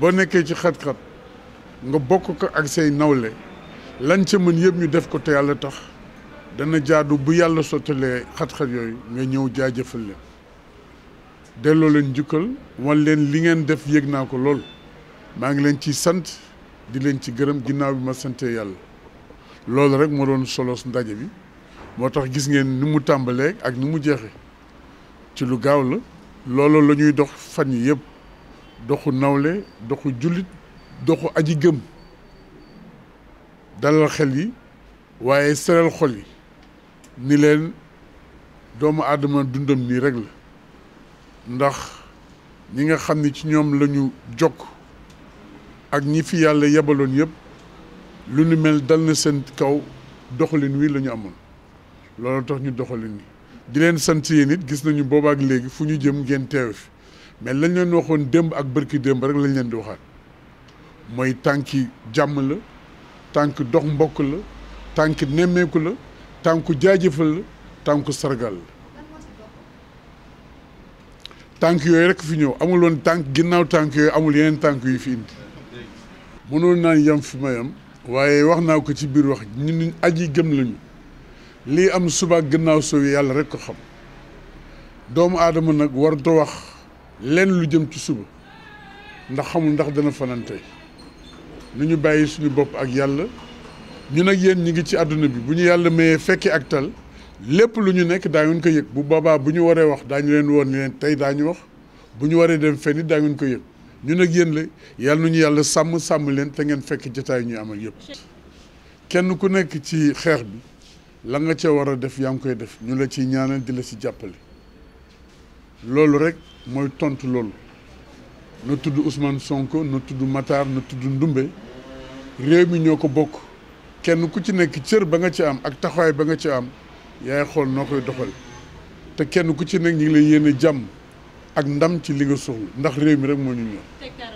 boo nekkee ci xat-xat nga bokk ko ak say nawle lan ca mën yëpp ñu def ko te yàlla tax dana jaadu bu yàlla sottalee xat-xat yooyu nga ñëw jaajëfal leen delloo leen njukkal wan leen li ngeen def yég naa ko lool maa ngi leen ci sant di leen ci gërëm ginnaaw bi ma santee yàlla loolu rek moo doon solos ndaje bi moo tax gis ngeen ni mu tàmbalee ak ni mu jeexee ci lu gaaw la loolu la ñuy dox fan yi yëpp doxu nawle doxu jullit doxu aji gëm dalal xel yi waaye seral xol yi ni leen doomu aadama dundam nii rek la ndax ñi nga xam ni ci ñoom la ñu jokk ak ñi fi yàlla yebaloon yëpp lu nu mel dal na seen kaw doxalin wi lañu amoon loolu tax ñu doxalin yi di leen sant yéen it gis nañu boobaak léegi fu ñu jëm ngeen teew fi mais lañ leen waxoon démb ak bërki démb rek lañ leen di waxaat mooy tànki jàmm la tànk dox mbokk la tànk nemmeeku la tànk jaajëfal la tànk sargal la tànk yooyu rek fi ñëw amuloon woon tànk ginnaaw tànk yooyu amul yeneen tànk yu fi indi mënoon naan yam fi ma waaye wax naa ko ci biir wax ñun aji gëm lañu lii am suba gannaaw soow yàlla rek ko xam doomu aadama nag warut a wax lenn lu jëm ci suba ndax xamul ndax dana fanaan tey nu ñu bàyyi suñu bopp ak yàlla ñun ak yéen ñi ngi ci àdduna bi bu ñu yàlla mayee fekki ak tal lépp lu ñu nekk daa ngeen ko yëg bu boobaa bu ñu waree wax daañu leen woon ni leen tey daañu wax bu ñu waree dem fenn it daa ngeen ko yëg ñu ak yéen la yàlla nañu yàlla sàmm sàmm leen te ngeen fekk jotaay ñuy amal yëpp. kenn ku nekk ci xeex bi la nga ca war a def yaa ngi koy def ñu la ciy ñaanal di la ci jàppale. loolu rek mooy tontu loolu na tudd usmaan Sonko na tudd Matar na tudd Ndumbe réew mi ñoo ko bokk kenn ku ci nekk cër ba nga ci am ak taxawaay ba nga ci am yaay xool noo koy doxal te kenn ku ci nekk ñu ngi lay jàmm ak ndam ci li nga soxla ndax réew mi rek moo ñu ñor.